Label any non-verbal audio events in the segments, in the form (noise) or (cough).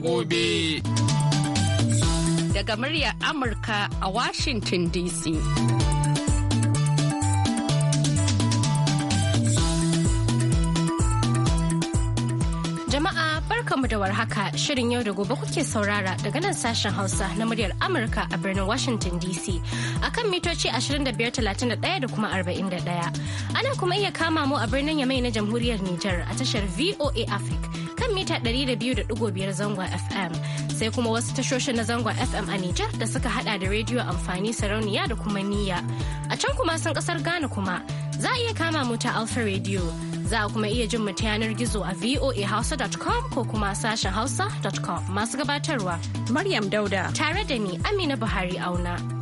gobe. Daga muryar Amurka a Washington DC. Jama'a barkamu da warhaka shirin yau da gobe kuke saurara daga nan sashen Hausa na muryar Amurka a birnin Washington DC akan mitoci 2531 da kuma 41. Ana kuma iya kama mu a birnin Yamai na jamhuriyar Nijar a tashar VOA Africa kan mita 200.5 zangon FM sai kuma wasu tashoshin na zangon FM a Nijar da suka hada da rediyo amfani sarauniya da kuma niyya. A can kuma sun kasar Ghana kuma za a iya kama mu ta Alpha Radio. Za a kuma iya jin mu ta yanar gizo a voahausa.com ko kuma sashen hausa.com masu gabatarwa. Maryam Dauda. Tare da ni Amina Buhari Auna.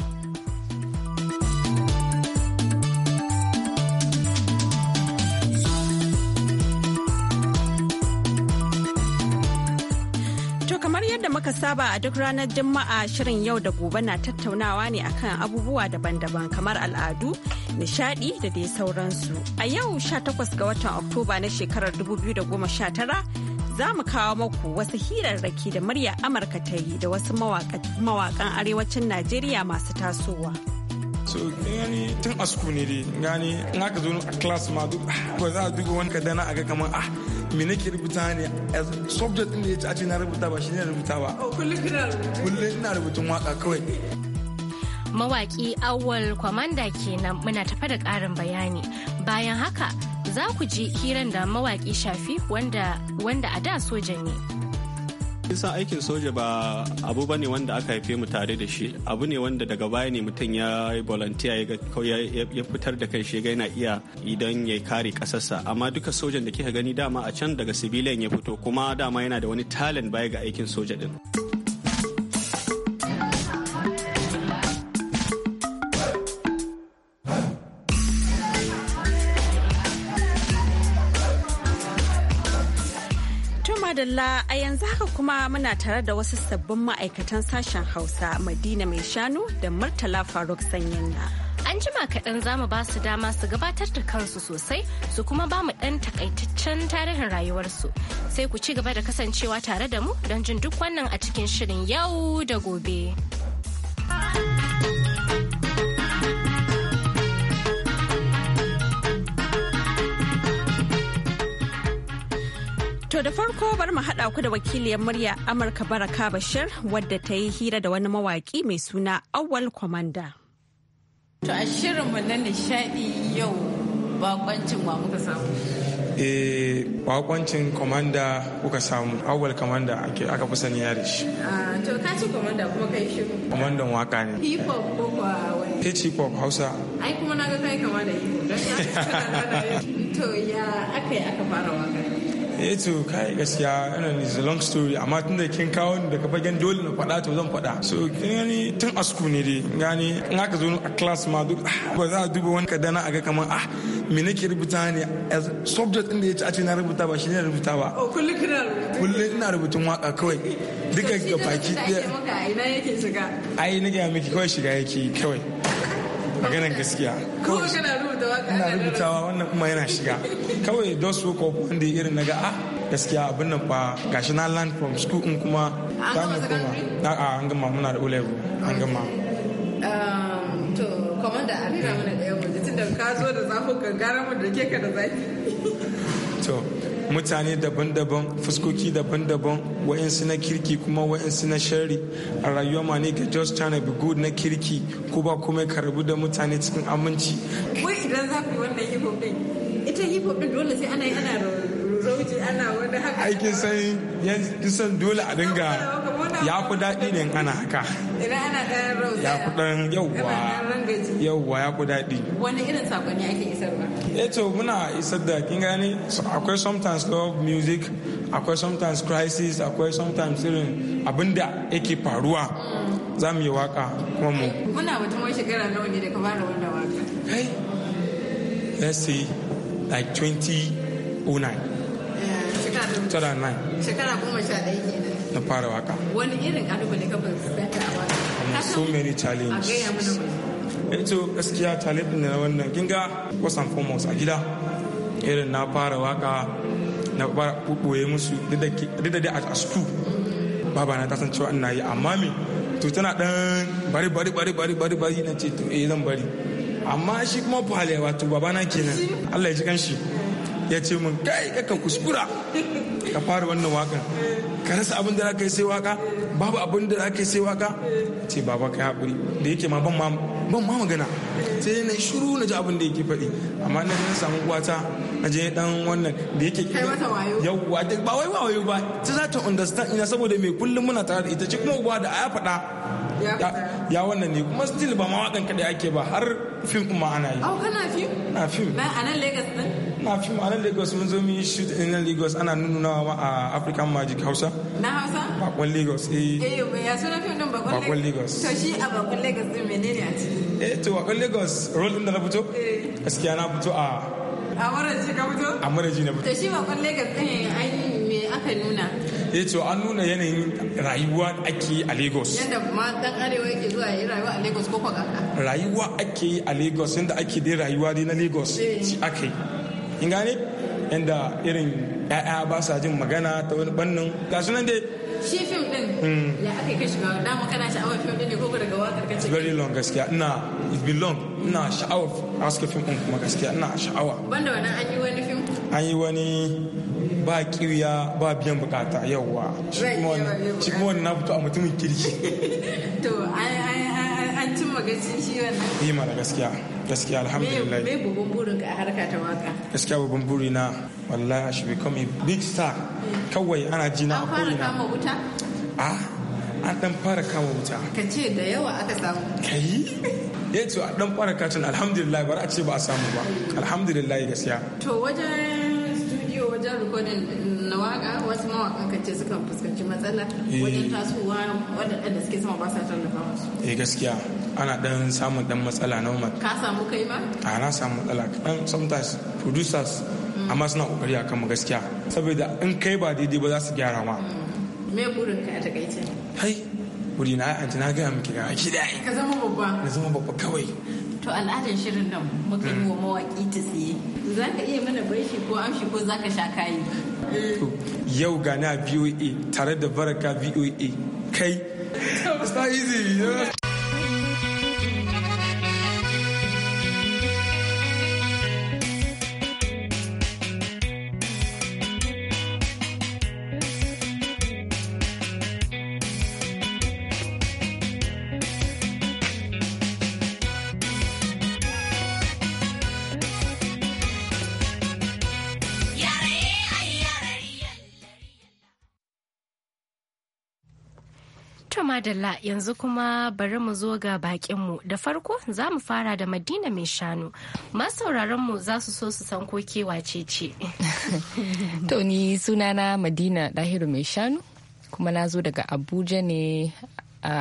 muka saba a duk ranar Juma'a shirin yau da gobe na tattaunawa ne akan abubuwa daban-daban kamar al'adu, nishadi da dai sauransu. A yau 18 ga watan Oktoba na shekarar 2019 za mu kawo maku wasu hirarraki da murya Amurka ta yi da wasu mawakan arewacin Najeriya masu tasowa. so gani tun a school ne dai gani in aka zo a class ma duk ba za a duba wani kadana a ga kamar ah me nake rubuta ne subject din da ya ci a ce na rubuta ba shi ne rubuta ba oh, kullum ina rubutun waka kawai mawaki awal kwamanda kenan muna tafa da ƙarin bayani bayan haka za ku ji hiran da mawaki shafi wanda a da sojan ne. Kisa aikin soja ba abu ba ne wanda aka haife mu tare da shi abu ne wanda daga baya ne mutum ya yi volunteer ya fitar da kai shi yana iya idan ya kare kasarsa amma duka sojan da kika gani dama a can daga sibiliyan ya fito kuma dama yana da wani talent baya ga aikin soja din. Madalla a yanzu haka kuma muna tare da wasu sabbin ma'aikatan sashen Hausa Madina mai shanu da Murtala Faruk na. An jima kaɗan za mu ba su dama su gabatar da kansu sosai su kuma ba mu ɗan takaitaccen tarihin rayuwarsu. Sai ku ci gaba da kasancewa tare da mu don jin duk wannan a cikin shirin yau da gobe. To da farko bari mu haɗa ku da wakiliyar murya Amurka Baraka Bashir wadda ta yi hira da wani mawaƙi mai suna Awal Kwamanda. To a mu na nishaɗi yau bakwancin wa muka samu. Eh bakwancin kwamanda kuka samu awal kwamanda aka fi sani yare shi. Ah, to ka ci kwamanda kuma kai shiru. Kwamandan waka ne. Hip hop ko kwa wani? Hip hop Hausa. Ai kuma na ga kai kama da hip hop. (laughs) To ya aka yi aka fara waka eh to kai gaskiya yana ni a long story amma tun da kin kawo ni daga fagen dole na faɗa to zan faɗa so kin gani tun a school ne dai gani in aka zo a class ma duk ah, ba za a duba wani kadana a ga kamar ah me nake rubuta ne as subject din da yace a ce na rubuta ba shi ne rubuta ba oh, kullum kana rubuta kullum ina rubutun waka kawai duka ga baki ɗaya ai na ga miki kawai shiga yake kawai maganan gaskiya kawai ina rubutawa wannan kuma yana shiga kawai don su ko wanda irin naga a ah, gaskiya abin nan fa gashi na land from school in kuma ta ne kuma a an gama muna da ulevu an gama um, to commander a mana ka zo da zafin kan gara ke ka da zafi to mutane daban-daban fuskoki daban-daban wa'insu na kirki kuma wa'insu na shari a rayuwa ma ne ka just trying to be good na kirki ko ba kuma ka rabu da mutane cikin aminci wai idan za ku wannan hip hop din ita hip hop din dole sai ana yi ana rauji ana wani haka aikin sai yanzu dole a dinga ya ku daɗi ne ana haka idan ana ɗan rauza ya ku ɗan yauwa yauwa ya ku daɗi wani irin saƙonni ake isarwa eh to muna isar da kin gani akwai sometimes love music akwai sometimes crisis akwai sometimes irin abinda yake faruwa mm. za mu yi waka kuma mu muna batun wani shekara nawa ne da ka fara wannan waka hey let's say like 2009 eh, shekara goma Shekara ɗaya kenan na fara waka wani irin kalubale ka fuskanta a so many challenges eh to gaskiya talibin na wannan kinga Wasan formos a gida irin na fara waka na fara kokoye musu duk da a school baba na kasan cewa ina yi amma me to tana dan bari bari bari bari bari bari na ce to eh zan bari amma shi kuma fale wato baba na kenan Allah ya ji kanshi ya ce min kai ka kuskura ka fara wannan wakan ka rasa abin da zaka yi sai waka babu abin da zaka yi sai waka ce baba kai hakuri da yake ma ban ma magana sai na shiru na ji abin da yake faɗi amma na na samu uwata na je dan wannan da yake Kai wayo. yawwa ba wai wayo ba ta za ta understand ina saboda me kullum muna tare da ita ce kuma uwa da aya faɗa ya wannan ne kuma still ba ma wakan kada ake ba har fim kuma ana yi. Au oh, kana fim? Na fim. Ba a nan Lagos ɗin? na fim nan lagos mun zo mun shoot in nan lagos ana nununawa ma a african magic hausa na hausa bakon lagos eh eh ya suna fim din bakon lagos to shi a bakon lagos din menene a cikin. eh to bakon lagos role din da na fito eh. gaskiya na fito a a maraji ka fito a maraji na fito to shi bakon lagos din an me aka nuna ya eh, to an nuna yanayin rayuwa ake a lagos yadda ma dan arewa yake zuwa yi rayuwa a lagos ko kwakaka rayuwa ake a lagos yadda ake dai rayuwa dai na lagos eh. shi aka yi in gane inda irin ya'ya ba sa jin magana ta wani bannin ga sunan dai shi fim din hmm. ya aka yi kashi da mu kana sha'awar fim din ne ko daga wakar kace very long gaskiya ina it be long ina sha'awar aska fim din kuma gaskiya ina sha'awa banda wannan an yi wani fim an yi wani ba kiwiya ba biyan bukata yawwa shi kuma wani na fito a mutumin kirki (laughs) to an cimma gaci shi wannan yi mara gaskiya gaskiya alhamdulillah me babban burin ka a harka ta waka gaskiya babban buri na wallahi i should become a big star kawai ana ji na a ko'ina an fara kama wuta ah, an dan fara kama wuta ka ce da yawa aka samu kai ya eh, ce a dan fara katin alhamdulillah bari a ce ba a samu ba alhamdulillah gaskiya to wajen studio wajen recording na waka wasu mawakan kace sukan fuskanci matsala wajen eh. tasowa waɗanda suke sama ba sa tallafa musu eh gaskiya ana dan samun dan matsala normal ka samu kai ba? a na samu matsala dan sometimes producers mm. amma suna kokari a mu gaskiya saboda in kai ba daidai ba za su gyara ma mm. me burin ka a takaice hai buri na anti na gaya miki ga ki dai ka zama babba Ka zama babba kawai to al'adar shirin nan muka yi mm. wa mawaki ta tsaye za ka iya mana baishi ko amshi ko za ka sha kayi yau gana voa tare da baraka voa kai (laughs) it's not easy madalla yanzu kuma bari mu zo ga bakinmu da farko za mu fara da madina mai shanu mu za su so su san ko kewa ce (laughs) to ni sunana madina dahiru mai shanu kuma na zo daga abuja ne a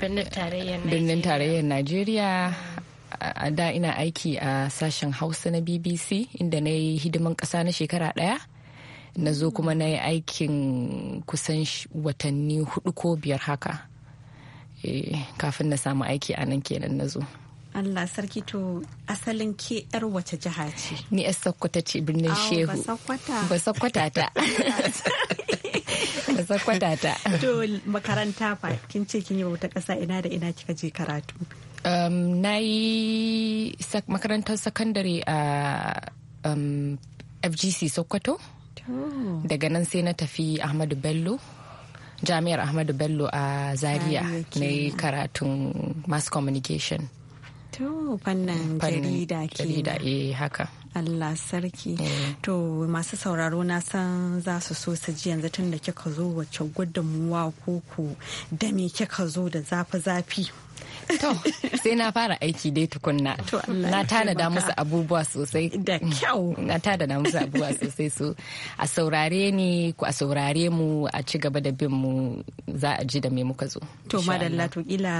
birnin tarayyar najeriya a da ina aiki a sashen hausa na bbc inda nayi yi hidiman ƙasa na shekara daya. na zo kuma na yi aikin kusan watanni hudu ko biyar haka eh, kafin na samu aiki a nan kenan na zo Allah sarki to asalin ke yar wace jiha ce ni yar sakkwata ce birnin shehu ba sakkwata ta (laughs) ba sakkwata ta to makaranta fa kin ce kin yi wata ƙasa ina da ina kika je karatu um, na yi sak, makarantar sakandare a uh, um, fgc sokoto Oh. daga nan sai na tafi ahmadu bello jami'ar ahmadu bello a zaria na yi karatun mass communication To fannin jarida ke. Jarida eh haka. Allah sarki. Eh. To masu sauraro na san za su so su ji yanzu tun da kika zo wacce gudunmuwa ko ku da me kika zo da zafi zafi To, sai na fara aiki dai tukunna. Na tanada musu abubuwa sosai. Da kyau. Na tanada musu abubuwa sosai so a saurare ni ku a saurare mu a ci gaba da bin mu za a ji da me muka zo. To madalla to kila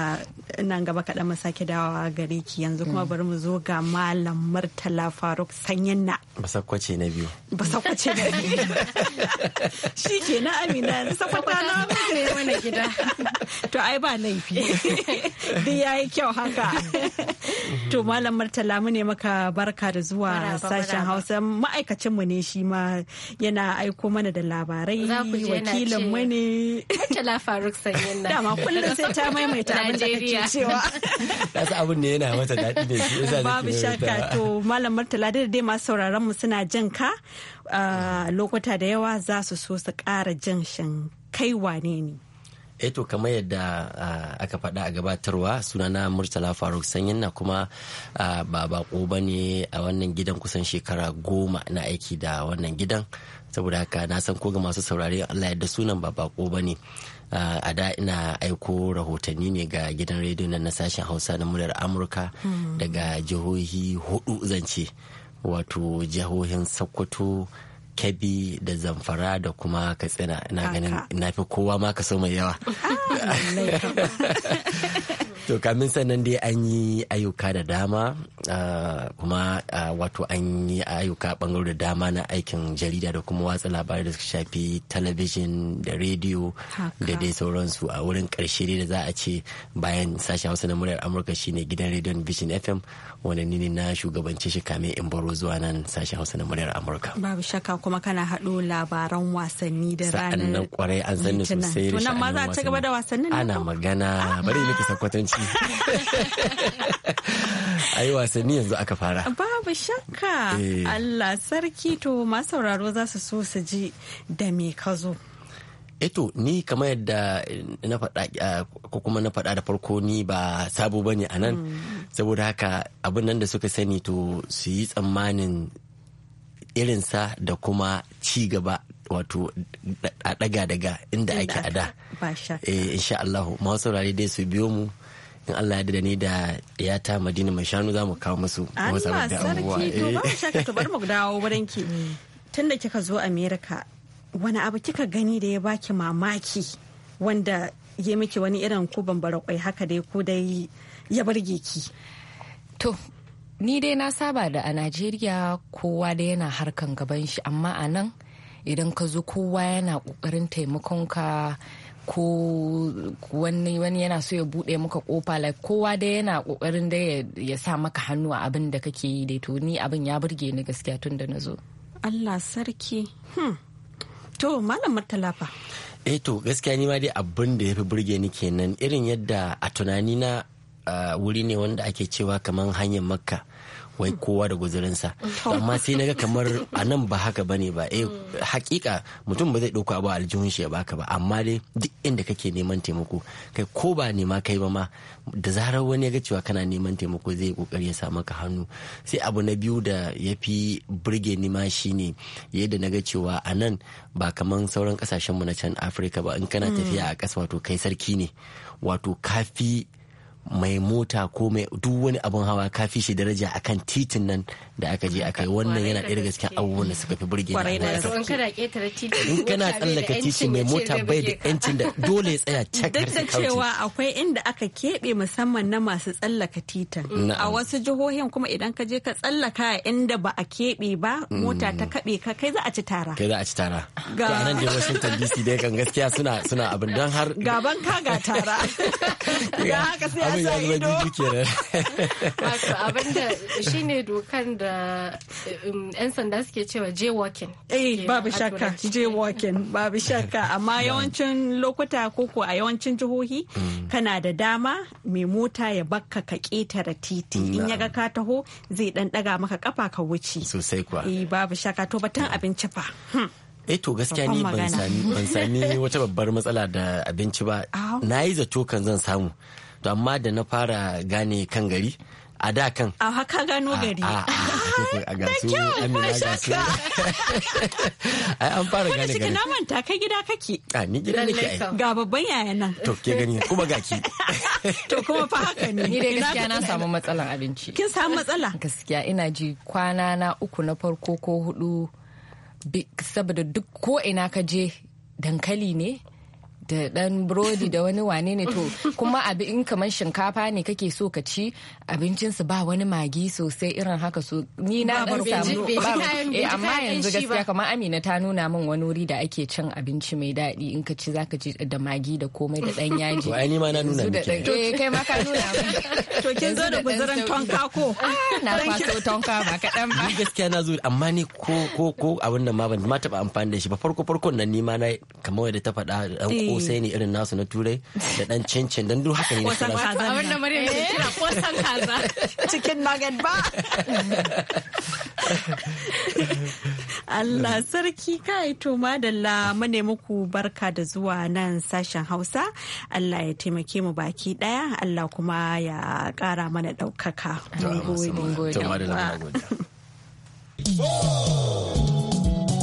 nan gaba kaɗan mu sake dawowa gare ki yanzu kuma mm. bari mu zo ga malam Murtala Faruk sanyin na. Basakwace na biyu. Basakwace na biyu. (laughs) Shi ke na Amina sakwata na muke wani gida. To ai ba laifi. (laughs) ya yi kyau haka (laughs) to malam martala mu ne maka barka da zuwa sashen hausa ma'aikacin mu ne shi ma yana aiko mana da labarai wakilin mu ne Murtala faruk sanyin na dama kullum sai ta maimaita abin da kake cewa kasa (laughs) abin ne yana mata daɗi ne shi yasa babu shakka to malam martala da dai masu sauraron mu suna jin ka uh, lokuta da yawa za su so su ƙara jin shin kai wane ne eto eh kamar yadda aka faɗa a gabatarwa sunana murtala faruk sanyin na kuma ba bako ba ne a wannan gidan kusan shekara goma na aiki da wannan gidan saboda haka na san ko ga masu saurari allah yadda sunan ba bako ba ne a da ina aiko rahotanni ne ga gidan rediyo na sashen hausa na muryar amurka hmm. daga jihohi hudu zance wato jihohin sokoto Kabi da zamfara da kuma katsina ina ganin na fi kowa ma so mai yawa ah, (laughs) to kamin sannan dai an yi ayyuka da dama ah, kuma ah, wato an yi ayyuka bangare da dama na aikin jarida da kuma watsa labarai da suka shafi talabijin da rediyo da dai sauransu a wurin karshe dai da za a ce bayan sashen hausa na muryar amurka shine gidan rediyon vision fm wani ni na shugabance shi kamin in baro zuwa nan sashen hausa na muryar amurka babu shakka kuma kana haɗo labaran wasanni da ranar kwarai an sanni sosai da sha'anin wasanni ana magana ah, bari miki sakwatanci a (laughs) yi wasanni yanzu aka fara babu shakka eh. Allah sarki to masauraro sauraro za su so su ji da me ka zo eto eh ni kamar yadda na faɗa ko kuma na faɗa da farko ni ba sabo bane a nan mm. saboda haka abin nan da suka sani to su yi tsammanin irin sa da kuma ci gaba wato a daga daga inda ake a da eh, insha Allah masu saurare dai su biyo mu in Allah ya da ni da ɗiyata Madina mai shanu za mu kawo musu. Allah sarki to ba mu eh. shaka to bar mu dawo wurin (laughs) mm. Tun da kika zo Amerika wani abu kika gani da ya baki mamaki wanda ya miki wani irin ko bambara kwai haka dai ko dai ya burge ki. To ni dai na saba da a Najeriya kowa da yana harkan gaban shi amma a nan idan ka zo kowa yana kokarin taimakon ka ko wani wani yana so ya bude maka kofa like kowa da yana kokarin da ya sa maka hannu a abin da kake yi dai to ni abin ya burge ni gaskiya tun da nazo Allah sarki hmm. to malam matalafa eh to gaskiya ni ma dai abin da ya fi burge ni kenan irin yadda a tunanina na ah, wuri ne wanda ake cewa kaman hanyar makka wai kowa da guzurinsa amma sai naga kamar a nan ba haka bane ba eh hakika mutum ba zai ɗauko abu a aljihun shi ya baka ba amma dai duk inda kake neman taimako kai ko ba nema kai ba ma da zarar wani ya ga cewa kana neman taimako zai kokari ya samu ka hannu sai abu na biyu da ya fi burge ni ma shine yadda na ga cewa a nan ba kaman sauran kasashen na can Afirka ba in kana tafiya a ƙasa wato kai sarki ne wato kafi mai mota ko mai duk wani abun hawa ka fi shi daraja akan titin nan da aka je aka yi wannan yana ɗaya daga cikin abubuwan da suka fi burge ni in kana tsallaka titin mai mota bai da yancin da dole ya tsaya cak duk da cewa akwai inda aka keɓe musamman na masu tsallaka titin a wasu jihohin kuma idan ka je ka tsallaka inda ba a keɓe ba mota ta mm. kaɓe ka kai za a ci tara kai za a ci tara ga nan da Washington DC dai kan gaskiya suna suna abin dan har gaban ka ga tara (laughs) ga haka sai samu ya zama bibi kenan wato (laughs) abinda ne dokan da um, yan sanda suke cewa jaywalking eh babu shakka jaywalking babu shakka amma yawancin lokuta koko a yawancin jihohi mm. kana da dama mai mota ya bakka ka ketare titi in ya ga ka taho zai dan daga maka kafa ka wuce sosai kuwa eh babu shakka to batan abinci fa hmm. eh to gaskiya ni ban sami (laughs) wata babbar matsala da abinci ba na yi zato kan zan samu to amma da na fara gane kan gari a da kan a haka gano gari a a su amina ga su ai an fara gane gari na manta kai gida kake a ni gida ne ai ga babban yaya nan to ke gani kuma ga ki to kuma fa haka ne ni dai gaskiya na samu matsalan abinci kin samu matsala gaskiya ina ji kwana na uku na farko ko hudu saboda duk ko ina ka je dankali ne da dan burodi da wani wane ne to kuma abi in kamar shinkafa ne kake so ka ci abincinsu ba wani magi sosai irin haka so ni na dan samu eh, amma yanzu gaskiya kamar Amina ta nuna min wani wuri da ake cin abinci mai daɗi in ka ci zaka ci da magi da komai da dan yaji to ai ma na nuna miki eh kai ma ka nuna to kin zo da guzuran tonka ko ah, na kwaso tonka ba kaɗan ba gaskiya na zo amma ni ko ko ko abin nan ma ban ma taba amfani da shi ba farko farkon nan ni ma na kamar yadda ta faɗa dan eh. kosai ne irin nasu na turai da dan cincin dan duk haka ne na kaza abin da mariya ke kira eh? kosan kaza (laughs) cikin nugget ba Allah sarki kai to madalla ne muku barka da zuwa nan sashen Hausa Allah ya taimake mu baki daya Allah kuma ya kara mana daukaka mun gode (laughs)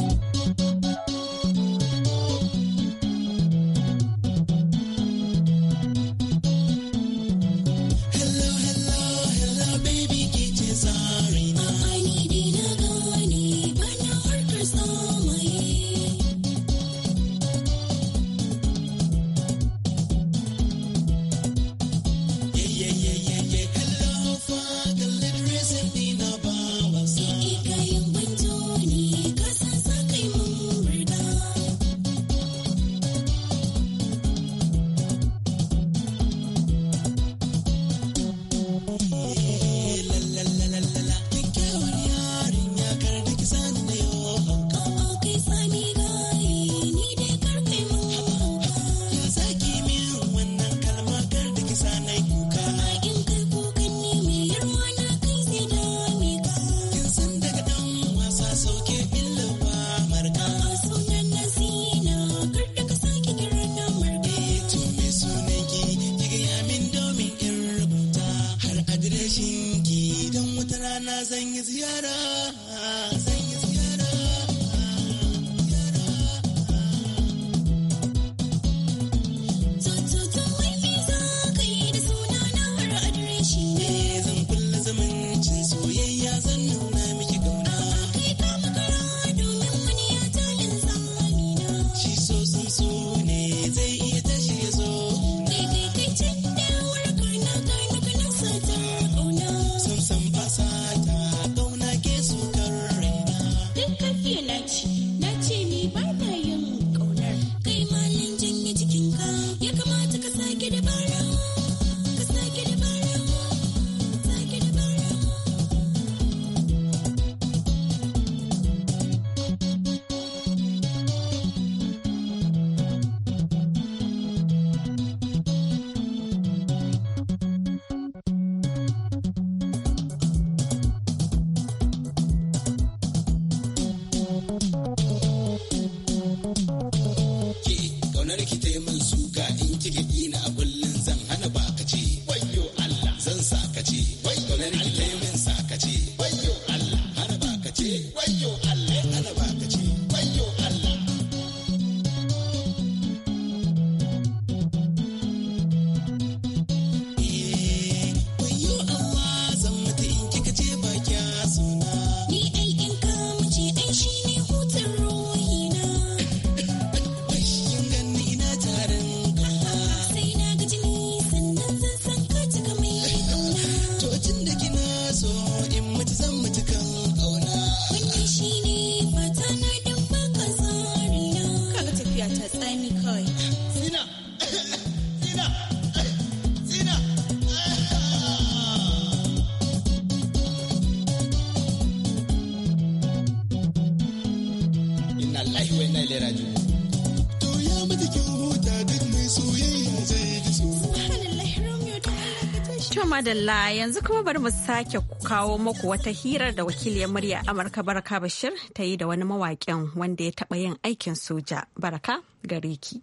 madalla yanzu kuma bari mu sake kawo muku wata hirar da wakiliyar murya Amurka Baraka Bashir ta yi da wani mawaƙin wanda ya taɓa yin aikin soja. Baraka gare ki.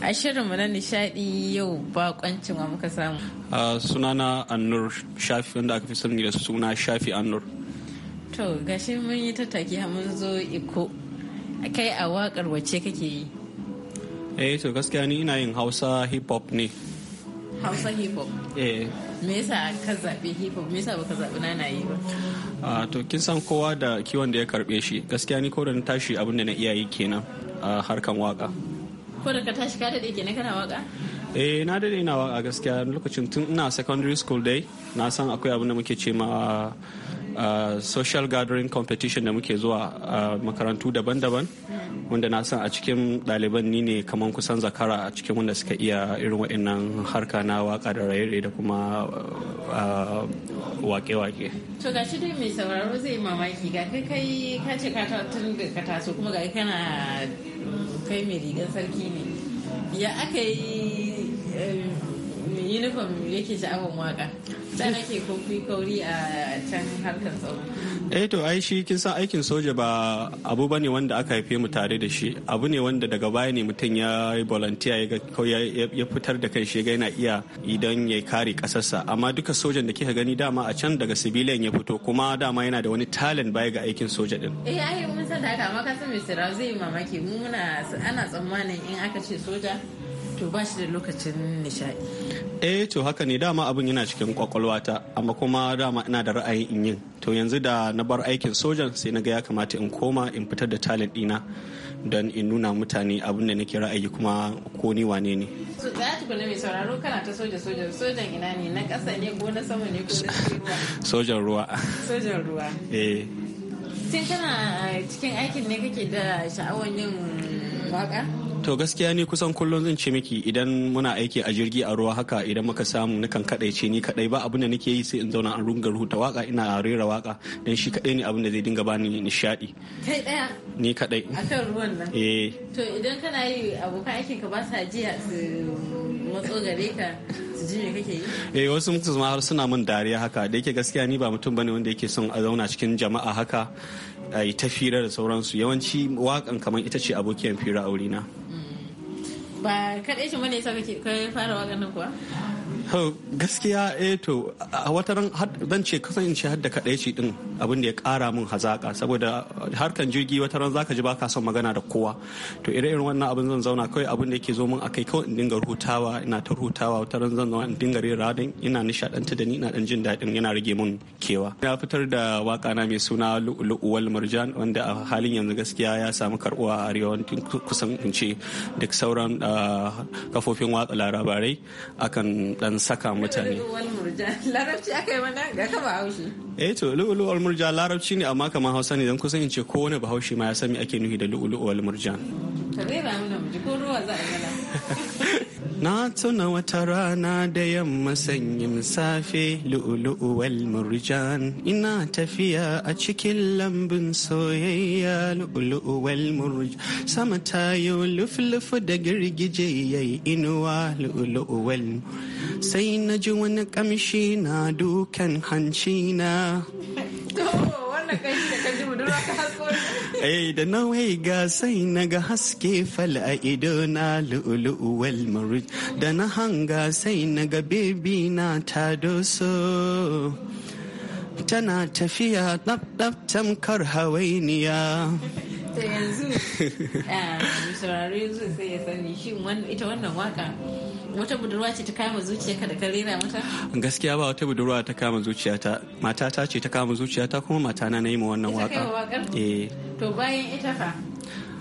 A shirinmu na nishadi yau bakoncin wa muka samu. sunana Annur Shafi wanda aka fi sani da suna Shafi Annur. To gashi mun yi tattaki mun zo iko. Kai a wakar wacce kake yi? Eh to gaskiya ni ina yin Hausa hip hop ne. hausa hip hop eh me yasa ka zabi hip hop me yasa baka na na yi ba a ah, to kin san kowa da kiwon da ya karbe shi gaskiya ni ko da na tashi abin da na iya yi kenan a harkan waka ko da ka tashi ka dade kenan kana waka eh na dade ina waka gaskiya lokacin tun ina secondary school dai na san akwai abin da muke ce ma social gathering competition da muke zuwa a makarantu daban-daban wanda na san a cikin ɗaliban ni ne kamar kusan zakara a cikin wanda suka iya irin waɗannan harka na waka da raye da kuma wake-wake. To ga shi dai mai sauraro zai mamaki ga kai kai ka ce ka tun da ka taso kuma ga kana mm, kai mai rigar sarki ne. Ya aka yi ni mu yake sha'awar waka dan ake ko kauri a can harkar tsaro eh to ai shi kin san aikin soja ba abu bane wanda aka haife mu tare da shi abu ne wanda daga baya ne mutum ya yi volunteer ya fitar da kai shi yana iya idan ya kare kasarsa amma duka sojan da kika gani dama a can daga civilian ya fito kuma dama yana da wani talent baya ga aikin soja din eh ai mun san da haka amma kasan mai sirra zai mamaki mu muna ana tsammanin in aka ce soja to ba shi da lokacin nishaɗi eh to haka ne dama abin yana cikin kwakwalwata amma kuma dama ina da ra'ayin in yin to yanzu da na bar aikin sojan sai na ga ya kamata in koma in fitar da talent dina don in nuna mutane abin da nake ra'ayi kuma ko ni wane ne. So da mai sauraro kana ta soja sojan ina ne na ƙasa ne ko na sama ne ko na ruwa. (laughs) Sojan ruwa. Sojan ruwa. Eh. Sai kana eh, cikin aikin ne kake da sha'awar yin waka? to gaskiya ni kusan kullum zan ce miki idan muna aiki a jirgi a ruwa haka idan muka samu nakan kadaice ni kadai ba abin da nake yi sai in zauna an rungar huta waka ina rera waka dan shi kadai ne abin da zai dinga bani nishadi kai daya ni kadai akan ruwan nan eh to idan kana yi abokan aikin ka ba sa jiya su matso gare ka eh wasu mutum ma har suna min dariya haka da yake gaskiya ni ba mutum bane wanda yake son a zauna cikin jama'a haka a yi ta fira da sauransu yawanci wakan kamar ita ce abokiyar fira aurena. na ba kaɗai shi bane yasa kake kai fara wagan nan kuwa gaskiya eh to a wata ran zan ce kasance har da kaɗai ce din abin da ya ƙara min hazaƙa saboda harkan jirgi wata ran zaka ji baka son magana da kowa to ire irin wannan abin zan zauna kawai abin da yake zo min akai kawai in dinga rutawa ina ta rutawa wata ran zan zauna in dinga rera din ina nishaɗanta da ni ina ɗan jin daɗin yana rage min kewa na fitar da waka na mai suna lu'uwal marjan wanda a halin yanzu gaskiya ya samu karbuwa a arewa kusan in ce duk sauran ah, kafofin watsa labarai akan ɗan saka mutane (laughs) larabci aka eh to lu'ulu murjan larabci ne amma kamar hausa ne don kusan in ce ko wani bahaushe ma ya san me ake nufi da lu'ulu'ul wal murjan ka mu ko za a (laughs) Na tuna wata rana da yamma sanyin safe lu'ulu'ul wal murjan ina tafiya a cikin lambun soyayya lu'ulu'ul wal murjan sama tayo luflufu da girgije yayi inuwa lu'ulu'ul sai na ji wani kamshi na dukan hanci na Eh da nawai ga sai na ga haske fal a ido na lu'ulu'u wal maruj da na hanga sai na ga bebi na ta doso tana tafiya ɗaf tamkar hawainiya ta yanzu (laughs) ah, saurari yanzu sai ya sani shi ita wannan waka wata budurwa ce ta kama zuciya ka da ka rera mata? Gaskiya ba wata budurwa ta kama zuciya ta mata ta ce ta kama zuciya ta kuma mata na na yi ma wannan waka. Eh. To bayan ita fa?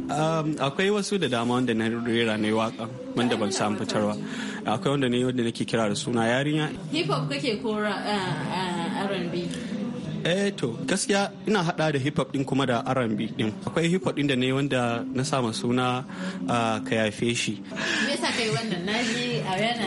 Um, akwai wasu da dama wanda na rera na yi waka wanda ban samu fitarwa. Akwai wanda na yi wanda nake kira da suna yarinya. Hip hop kake ko R&B? eh to gaskiya ina hada da hip hop din kuma da R&B din akwai hip hop din da ne wanda na sama suna ah, ka yafe shi me yasa kai wannan naji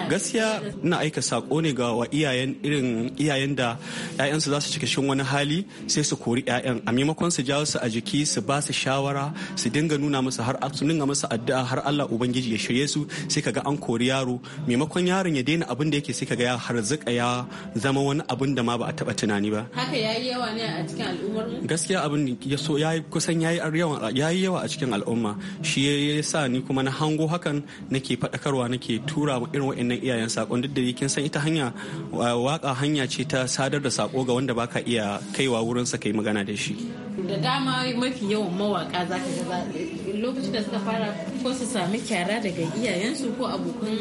gaskiya na aika sako ne ga wa iyayen irin iyayen da ƴaƴansu za su cike shin wani hali sai su kori ƴaƴan a maimakon su jawo su a jiki su ba su shawara su dinga nuna musu har su dinga musu addu'a har Allah ubangiji ya shirye su sai kaga an kori yaro maimakon yaron ya daina abin da yake sai kaga ya harzuka ya zama wani abin da ma ba a taba tunani ba haka yayi yawa ne a cikin al'ummar gaskiya abin ya so yayi kusan yayi yawa yayi yawa a cikin al'umma shi yasa ni kuma na hango hakan nake faɗakarwa nake tura irin wa'annan iyayen sakon duk da kin san ita hanya waka hanya ce ta sadar da sako ga wanda baka iya kaiwa wurin sa kai magana da shi da dama mafi yawan mawaka za ka ga lokacin da suka fara ko su sami kyara daga iyayensu ko abokan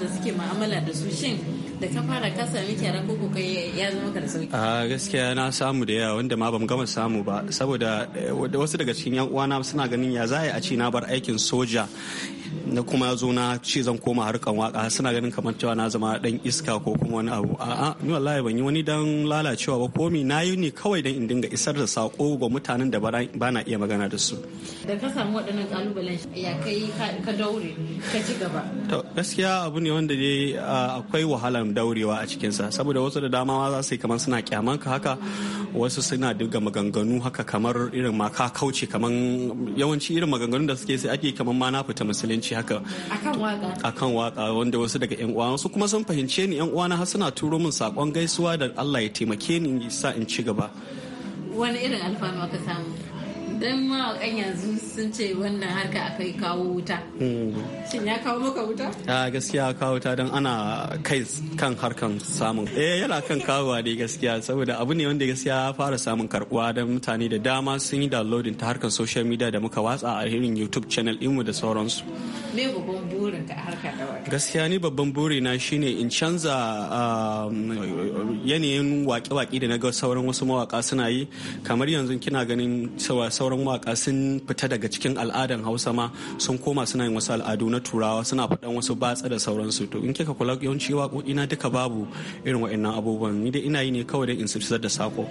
da suke ma'amala da su shin da ka fara ka sami kyara ko ko kai ya zama ka da sauki a gaskiya na samu da yawa wanda ma ban gama samu ba saboda eh, wasu daga cikin yan uwana suna ganin ya za a ci na bar aikin soja na kuma zo na ce zan koma harkan waka suna ganin kamar cewa na zama dan iska ko kuma wani abu a ni wallahi ban yi wani dan lalacewa ba komi na yi ne kawai dan in dinga isar da sako ga mutanen da ba na iya magana da su da ka samu waɗannan kalubalen ya kai ka daure ka ci gaba to gaskiya abu ne wanda dai akwai wahalar daurewa a cikinsa saboda wasu da dama za su yi kamar suna kyaman ka haka wasu suna duga maganganu haka kamar irin ma ka kauce kamar yawanci irin maganganun da suke sai ake kamar ma na fita musulunci haka akan waka wanda wasu daga yan uwa wasu kuma sun fahimce ni yan uwana har suna turo min sakon gaisuwa da Allah ya taimake ni sa in ci gaba wani irin alfanu aka samu don mawakan yanzu sun ce wannan harka akai kawo wuta hmm. shin ya kawo maka wuta a gaskiya kawo wuta don ana kai kan harkan samun eh yana kan kawowa dai gaskiya saboda abu ne wanda gaskiya ya fara samun karbuwa don mutane da dama sun yi downloading ta harkan social media da muka watsa a irin youtube channel ɗinmu da sauransu me babban burin ka harka da gaskiya ni babban na shine in canza um, yanayin waƙe-waƙe da na ga sauran wasu mawaka suna yi kamar yanzu kina ganin cewa sauran waka sun fita daga cikin al'adan hausa ma sun koma suna yin wasu al'adu na turawa suna faɗan wasu batsa da sauransu to in kika kula yawanci waƙoƙi na duka babu irin wa'annan abubuwan ni dai ina yi ne kawai dai in sirtar da sako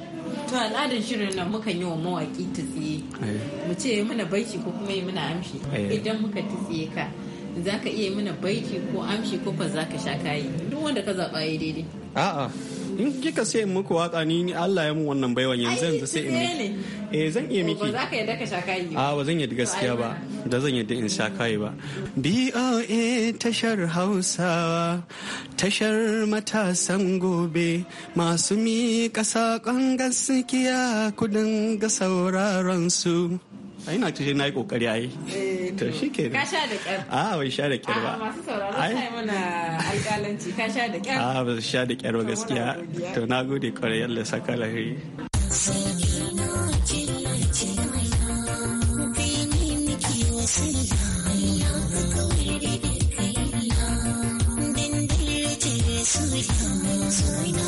to al'adan shirin nan muka yi wa mawaƙi tsiye eh. mu ce mana baiki ko kuma yi mana amshi eh. idan muka tsiye ka za ka iya mana baiki ko amshi ko fa za ka sha kayi duk wanda ka zaɓa ya daidai a'a in kika sai muku waka ni Allah ya mu wannan baiwan yanzu yanzu sai in eh zan iya miki ba za ka yadda ka sha kayi a ah, ba zan yadda gaskiya ba da zan yadda in sha kai ba BOA tashar Hausawa tashar matasan gobe masu mi kasa kan gaskiya kudin ga sauraron su ai na ce na yi kokari ai eh. to shi ke ka sha da kyar ah wai sha da kyar ba ah, masu sauraro sai mana alƙalanci ka sha da kyar ah ba sha da kyar ba gaskiya to na gode kwarai Allah saka lahiri Sweet sweet, sweet home.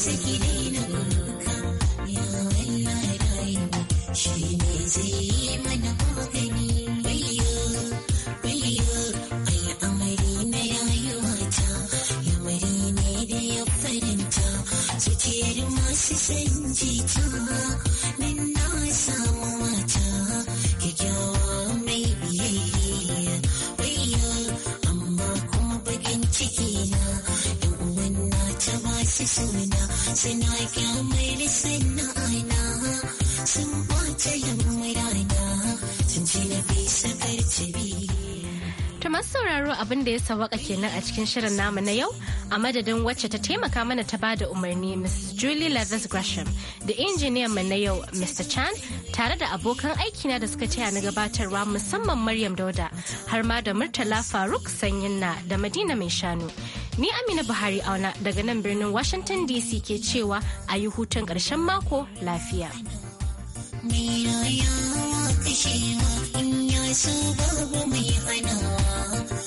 Sickie. abin da ya sawaka kenan a cikin shirin namu na yau a madadin wacce ta taimaka mana ta bada umarni Mrs. Julie Levis Gresham da injiniyan mu na yau Mr. Chan tare da abokan aiki na da suka taya na gabatarwa musamman Maryam Dauda har ma da Murtala Faruk Sanyinna da Madina Mai Shanu. Ni Amina Buhari auna daga nan birnin Washington DC ke cewa a yi hutun ƙarshen mako lafiya. Mai rayuwa ya babu mai